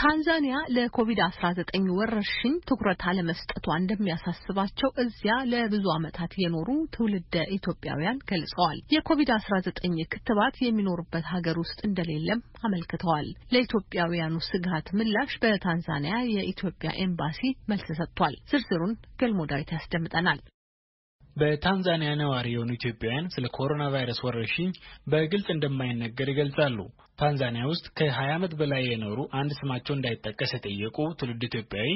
ታንዛኒያ ለኮቪድ-19 ወረርሽኝ ትኩረት አለመስጠቷ እንደሚያሳስባቸው እዚያ ለብዙ ዓመታት የኖሩ ትውልደ ኢትዮጵያውያን ገልጸዋል። የኮቪድ-19 ክትባት የሚኖርበት ሀገር ውስጥ እንደሌለም አመልክተዋል። ለኢትዮጵያውያኑ ስጋት ምላሽ በታንዛኒያ የኢትዮጵያ ኤምባሲ መልስ ሰጥቷል። ዝርዝሩን ገልሞ ዳዊት ያስደምጠናል። በታንዛኒያ ነዋሪ የሆኑ ኢትዮጵያውያን ስለ ኮሮና ቫይረስ ወረርሽኝ በግልጽ እንደማይነገር ይገልጻሉ። ታንዛኒያ ውስጥ ከ20 ዓመት በላይ የኖሩ አንድ ስማቸው እንዳይጠቀስ የጠየቁ ትውልድ ኢትዮጵያዊ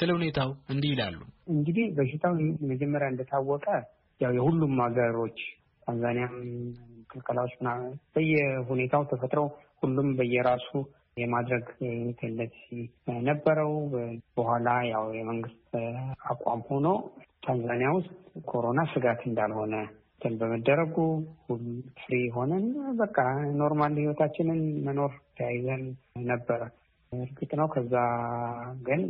ስለ ሁኔታው እንዲህ ይላሉ። እንግዲህ በሽታው መጀመሪያ እንደታወቀ ያው የሁሉም ሀገሮች ታንዛኒያም ክልከላዎች በየሁኔታው ተፈጥረው ሁሉም በየራሱ የማድረግ ቴንደንሲ ነበረው። በኋላ ያው የመንግስት አቋም ሆኖ ታንዛኒያ ውስጥ ኮሮና ስጋት እንዳልሆነ ትን በመደረጉ ሁሉም ፍሪ ሆነን በቃ ኖርማል ህይወታችንን መኖር ተያይዘን ነበረ። እርግጥ ነው ከዛ ግን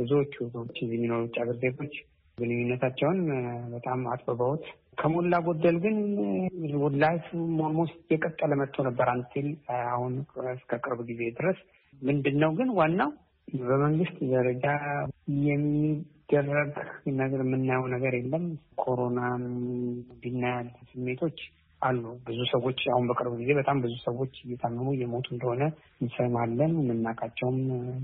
ብዙዎቹ እዚህ የሚኖሩ ውጭ አገር ዜጎች ግንኙነታቸውን በጣም አጥብበውት ከሞላ ጎደል ግን ላይፍ ኦልሞስት የቀጠለ መጥቶ ነበር አንቲል አሁን እስከ ቅርብ ጊዜ ድረስ። ምንድን ነው ግን ዋናው በመንግስት ደረጃ የሚደረግ ነገር የምናየው ነገር የለም። ኮሮናም ቢናያል ስሜቶች አሉ። ብዙ ሰዎች አሁን በቅርብ ጊዜ በጣም ብዙ ሰዎች እየታመሙ እየሞቱ እንደሆነ እንሰማለን። የምናቃቸውም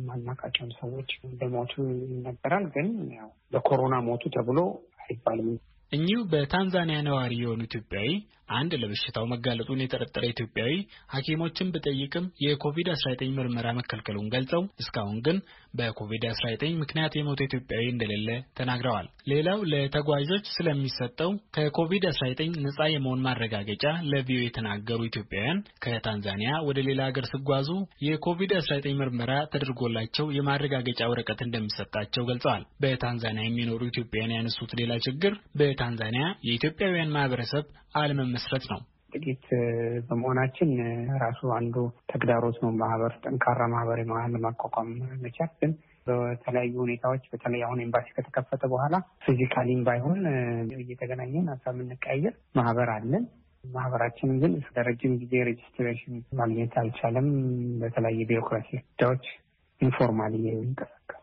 ማናውቃቸውም ሰዎች እንደሞቱ ይነገራል። ግን ያው በኮሮና ሞቱ ተብሎ አይባልም። እኚሁ በታንዛኒያ ነዋሪ የሆኑ ኢትዮጵያዊ አንድ ለበሽታው መጋለጡን የጠረጠረ ኢትዮጵያዊ ሐኪሞችን ብጠይቅም የኮቪድ-19 ምርመራ መከልከሉን ገልጸው እስካሁን ግን በኮቪድ-19 ምክንያት የሞተ ኢትዮጵያዊ እንደሌለ ተናግረዋል። ሌላው ለተጓዦች ስለሚሰጠው ከኮቪድ-19 ነጻ የመሆን ማረጋገጫ ለቪኦኤ የተናገሩ ኢትዮጵያውያን ከታንዛኒያ ወደ ሌላ ሀገር ሲጓዙ የኮቪድ-19 ምርመራ ተደርጎላቸው የማረጋገጫ ወረቀት እንደሚሰጣቸው ገልጸዋል። በታንዛኒያ የሚኖሩ ኢትዮጵያውያን ያነሱት ሌላ ችግር በታንዛኒያ የኢትዮጵያውያን ማህበረሰብ አለመመ መመስረት ነው። ጥቂት በመሆናችን ራሱ አንዱ ተግዳሮት ነው። ማህበር ጠንካራ ማህበር መሀል ለማቋቋም መቻል ግን በተለያዩ ሁኔታዎች በተለይ አሁን ኤምባሲ ከተከፈተ በኋላ ፊዚካሊም ባይሆን እየተገናኘን ሀሳብ የምንቀያየር ማህበር አለን። ማህበራችን ግን ረጅም ጊዜ ሬጅስትሬሽን ማግኘት አልቻለም። በተለያየ ቢሮክራሲ ጉዳዮች ኢንፎርማል እየተንቀሳቀስ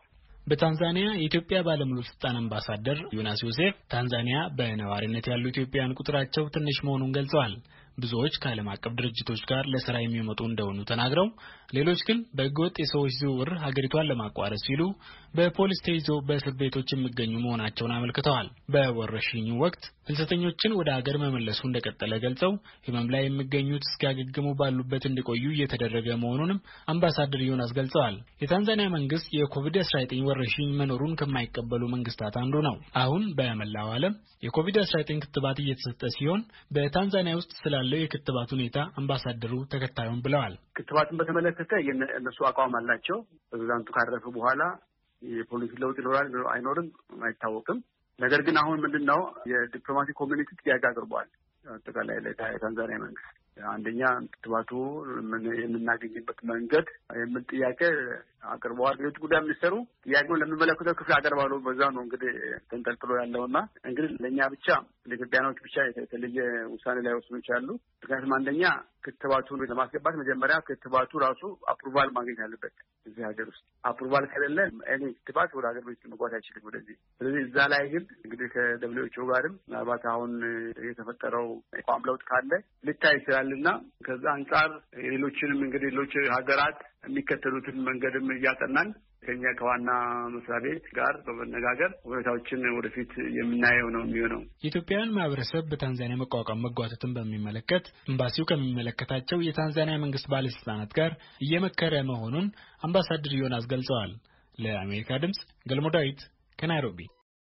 በታንዛኒያ የኢትዮጵያ ባለሙሉ ስልጣን አምባሳደር ዮናስ ዮሴፍ ታንዛኒያ በነዋሪነት ያሉ ኢትዮጵያውያን ቁጥራቸው ትንሽ መሆኑን ገልጸዋል። ብዙዎች ከዓለም አቀፍ ድርጅቶች ጋር ለስራ የሚመጡ እንደሆኑ ተናግረው ሌሎች ግን በሕገወጥ የሰዎች ዝውውር ሀገሪቷን ለማቋረጥ ሲሉ በፖሊስ ተይዘው በእስር ቤቶች የሚገኙ መሆናቸውን አመልክተዋል። በወረሽኙ ወቅት ፍልሰተኞችን ወደ ሀገር መመለሱ እንደቀጠለ ገልጸው ህመም ላይ የሚገኙት እስኪያገግሙ ባሉበት እንዲቆዩ እየተደረገ መሆኑንም አምባሳደር ዮናስ ገልጸዋል። የታንዛኒያ መንግስት የኮቪድ-19 ወረርሽኝ መኖሩን ከማይቀበሉ መንግስታት አንዱ ነው። አሁን በመላው ዓለም የኮቪድ-19 ክትባት እየተሰጠ ሲሆን በታንዛኒያ ውስጥ ስለ ስላለው የክትባት ሁኔታ አምባሳደሩ ተከታዩም ብለዋል። ክትባትን በተመለከተ እነሱ አቋም አላቸው። ፕሬዚዳንቱ ካረፉ በኋላ የፖሊሲ ለውጥ ይኖራል አይኖርም አይታወቅም። ነገር ግን አሁን ምንድን ነው የዲፕሎማቲክ ኮሚኒቲ ጥያቄ አቅርቧል። አጠቃላይ ለታንዛኒያ መንግስት አንደኛ ክትባቱ የምናገኝበት መንገድ የምን ጥያቄ አቅርበዋል። የውጭ ጉዳይ የሚሰሩ ጥያቄውን ለሚመለከተው ክፍል አቀርባሉ። በዛ ነው እንግዲህ ተንጠልጥሎ ያለውና እንግዲህ ለእኛ ብቻ ለኢትዮጵያኖች ብቻ የተለየ ውሳኔ ላይ ወስኖ ይችላሉ። ምክንያቱም አንደኛ ክትባቱን ለማስገባት መጀመሪያ ክትባቱ ራሱ አፕሩቫል ማግኘት አለበት እዚህ ሀገር ውስጥ አፕሩቫል ከሌለ እኔ ክትባት ወደ ሀገር ቤት መግባት አይችልም ወደዚህ። ስለዚህ እዛ ላይ ግን እንግዲህ ከደብሊው ጋርም ምናልባት አሁን የተፈጠረው ቋም ለውጥ ካለ ልታይ ይችላል ና ከዛ አንጻር የሌሎችንም እንግዲህ ሌሎች ሀገራት የሚከተሉትን መንገድም እያጠናን ከኛ ከዋና መስሪያ ቤት ጋር በመነጋገር ሁኔታዎችን ወደፊት የምናየው ነው የሚሆነው። የኢትዮጵያውያን ማህበረሰብ በታንዛኒያ መቋቋም መጓተትን በሚመለከት ኤምባሲው ከሚመለከታቸው የታንዛኒያ መንግስት ባለስልጣናት ጋር እየመከረ መሆኑን አምባሳደር ዮናስ ገልጸዋል። ለአሜሪካ ድምጽ ገልሞ ዳዊት ከናይሮቢ